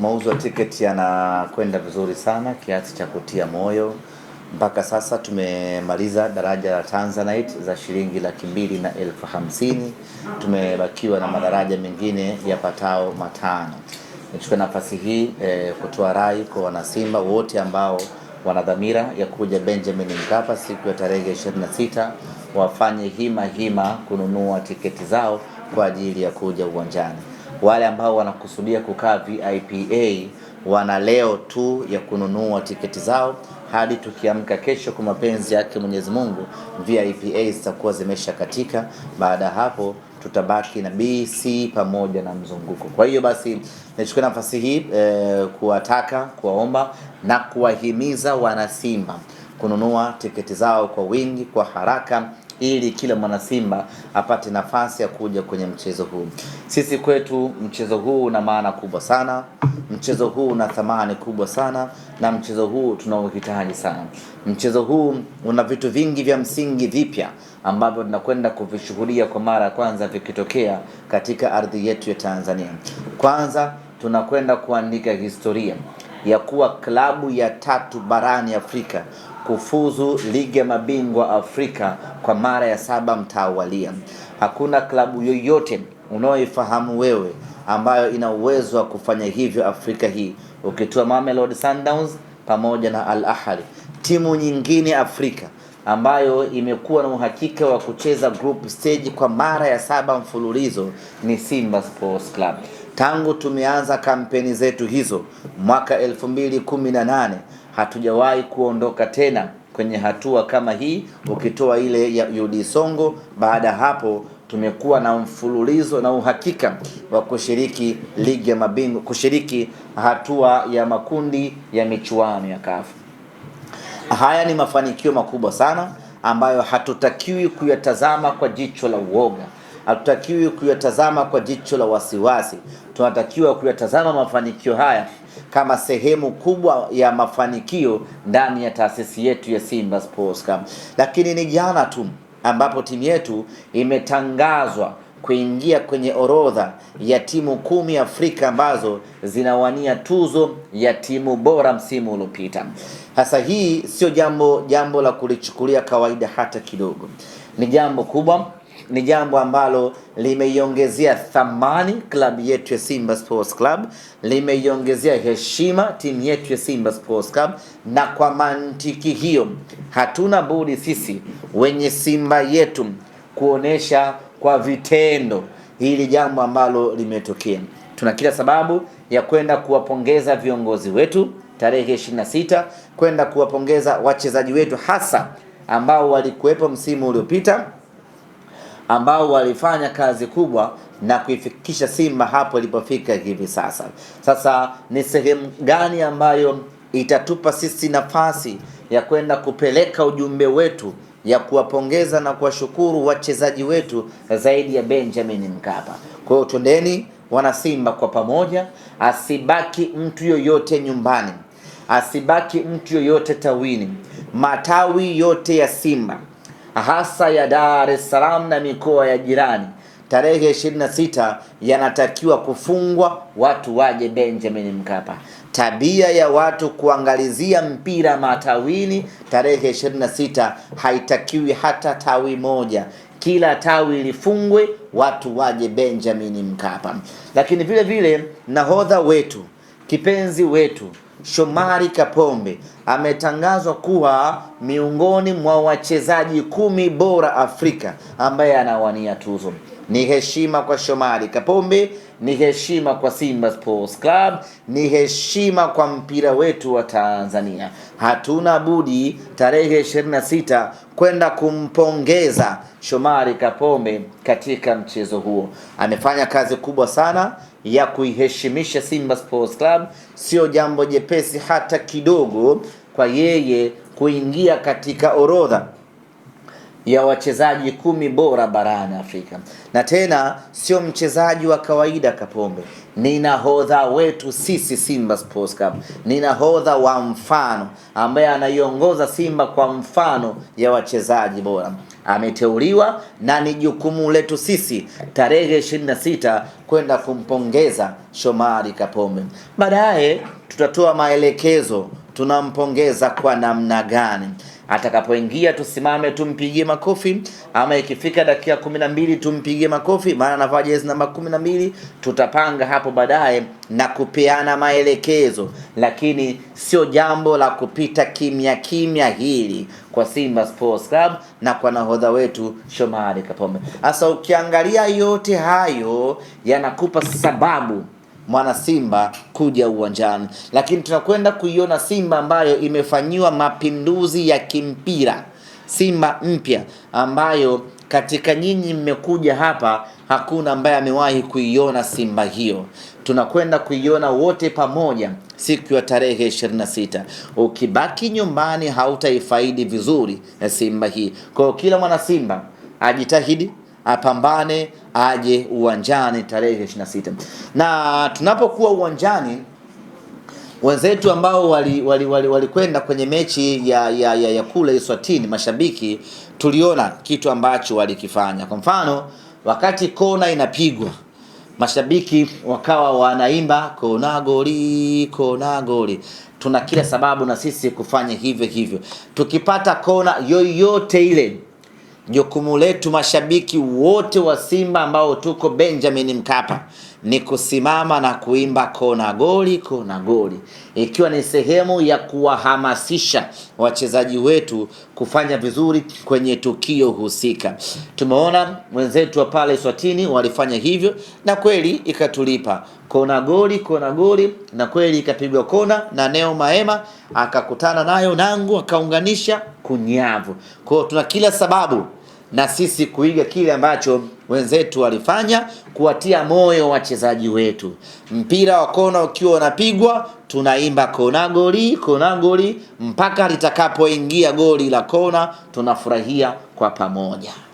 Mauzo ya tiketi yanakwenda vizuri sana kiasi cha kutia moyo. Mpaka sasa tumemaliza daraja la Tanzanite za shilingi laki mbili na elfu hamsini. Tumebakiwa na madaraja mengine yapatao matano. Nichukue nafasi hii e, kutoa rai kwa wanasimba wote ambao wana dhamira ya kuja Benjamin Mkapa siku ya tarehe 26 wafanye hima hima kununua tiketi zao kwa ajili ya kuja uwanjani wale ambao wanakusudia kukaa VIPA wana leo tu ya kununua tiketi zao hadi tukiamka kesho, kwa mapenzi yake Mwenyezi Mungu, VIPA zitakuwa zimesha katika. Baada ya hapo tutabaki na BC pamoja na mzunguko. Kwa hiyo basi nichukue nafasi hii e, kuwataka kuwaomba na kuwahimiza wanasimba kununua tiketi zao kwa wingi, kwa haraka ili kila mwanasimba apate nafasi ya kuja kwenye mchezo huu. Sisi kwetu mchezo huu una maana kubwa sana, mchezo huu una thamani kubwa sana, na mchezo huu tunauhitaji sana. Mchezo huu una vitu vingi vya msingi vipya ambavyo tunakwenda kuvishuhudia kwa mara ya kwanza vikitokea katika ardhi yetu ya Tanzania. Kwanza tunakwenda kuandika historia ya kuwa klabu ya tatu barani Afrika kufuzu ligi ya mabingwa Afrika kwa mara ya saba mtawalia. Hakuna klabu yoyote unaoifahamu wewe ambayo ina uwezo wa kufanya hivyo Afrika hii, ukitoa Mamelodi Sundowns pamoja na Al Ahly. Timu nyingine Afrika ambayo imekuwa na uhakika wa kucheza group stage kwa mara ya saba mfululizo ni Simba Sports Club. Tangu tumeanza kampeni zetu hizo mwaka 2018 hatujawahi kuondoka tena kwenye hatua kama hii, ukitoa ile ya UD Songo. Baada ya hapo tumekuwa na mfululizo na uhakika wa kushiriki ligi ya mabingwa, kushiriki hatua ya makundi ya michuano ya kafu. Haya ni mafanikio makubwa sana ambayo hatutakiwi kuyatazama kwa jicho la uoga. Hatutakiwi kuyatazama kwa jicho la wasiwasi, tunatakiwa kuyatazama mafanikio haya kama sehemu kubwa ya mafanikio ndani ya taasisi yetu ya Simba Sports Club. Lakini ni jana tu ambapo timu yetu imetangazwa kuingia kwenye orodha ya timu kumi Afrika ambazo zinawania tuzo ya timu bora msimu uliopita. Sasa hii sio jambo jambo la kulichukulia kawaida hata kidogo, ni jambo kubwa ni jambo ambalo limeiongezea thamani klabu yetu ya Simba Sports Club, limeiongezea heshima timu yetu ya Simba Sports Club, na kwa mantiki hiyo hatuna budi sisi wenye Simba yetu kuonesha kwa vitendo hili jambo ambalo limetokea. Tuna kila sababu ya kwenda kuwapongeza viongozi wetu tarehe 26, kwenda kuwapongeza wachezaji wetu hasa ambao walikuwepo msimu uliopita ambao walifanya kazi kubwa na kuifikisha Simba hapo ilipofika hivi sasa. Sasa ni sehemu gani ambayo itatupa sisi nafasi ya kwenda kupeleka ujumbe wetu ya kuwapongeza na kuwashukuru wachezaji wetu zaidi ya Benjamin Mkapa. Kwa hiyo twendeni wanasimba kwa pamoja, asibaki mtu yoyote nyumbani, asibaki mtu yoyote tawini. Matawi yote ya Simba hasa ya Dar es Salaam na mikoa ya jirani tarehe 26 yanatakiwa kufungwa, watu waje Benjamin Mkapa. Tabia ya watu kuangalizia mpira matawini tarehe 26 haitakiwi hata tawi moja, kila tawi lifungwe, watu waje Benjamin Mkapa. Lakini vile vile nahodha wetu kipenzi wetu Shomari Kapombe ametangazwa kuwa miongoni mwa wachezaji kumi bora Afrika ambaye anawania tuzo ni heshima kwa Shomari Kapombe, ni heshima kwa Simba Sports Club, ni heshima kwa mpira wetu wa Tanzania. Hatuna budi tarehe 26 kwenda kumpongeza Shomari Kapombe katika mchezo huo. Amefanya kazi kubwa sana ya kuiheshimisha Simba Sports Club, sio jambo jepesi hata kidogo kwa yeye kuingia katika orodha ya wachezaji kumi bora barani Afrika, na tena sio mchezaji wa kawaida Kapombe, ni nahodha wetu sisi Simba Sports Club, ni nahodha wa mfano ambaye anaiongoza Simba kwa mfano ya wachezaji bora ameteuliwa na ni jukumu letu sisi tarehe 26 kwenda kumpongeza Shomari Kapombe. Baadaye tutatoa maelekezo tunampongeza kwa namna gani atakapoingia tusimame tumpigie makofi, ama ikifika dakika kumi na mbili tumpigie makofi, maana anavaa jezi namba kumi na mbili. Tutapanga hapo baadaye na kupeana maelekezo, lakini sio jambo la kupita kimya kimya hili kwa Simba Sports Club na kwa nahodha wetu Shomari Kapombe. Sasa ukiangalia yote hayo yanakupa sababu mwana Simba kuja uwanjani, lakini tunakwenda kuiona Simba ambayo imefanyiwa mapinduzi ya kimpira, Simba mpya ambayo katika nyinyi mmekuja hapa, hakuna ambaye amewahi kuiona Simba hiyo. Tunakwenda kuiona wote pamoja siku ya tarehe 26. Ukibaki nyumbani, hautaifaidi vizuri eh, Simba hii. Kwa hiyo kila mwana Simba ajitahidi, apambane aje uwanjani tarehe 26. Na tunapokuwa uwanjani wenzetu ambao walikwenda wali, wali, wali kwenye mechi ya, ya, ya, ya kule Iswatini, mashabiki tuliona kitu ambacho walikifanya. Kwa mfano, wakati kona inapigwa mashabiki wakawa wanaimba kona goli, kona goli. Tuna kila sababu na sisi kufanya hivyo hivyo, tukipata kona yoyote ile Jukumu letu mashabiki wote wa Simba ambao tuko Benjamin Mkapa ni kusimama na kuimba kona goli, kona goli, ikiwa ni sehemu ya kuwahamasisha wachezaji wetu kufanya vizuri kwenye tukio husika. Tumeona wenzetu wa pale Swatini walifanya hivyo na kweli ikatulipa kona goli, kona goli, na kweli ikapigwa kona na Neo Maema akakutana nayo nangu akaunganisha kunyavu. Kwa hiyo tuna kila sababu na sisi kuiga kile ambacho wenzetu walifanya, kuwatia moyo wachezaji wetu. Mpira wa kona ukiwa unapigwa, tunaimba kona goli, kona goli mpaka litakapoingia goli la kona, tunafurahia kwa pamoja.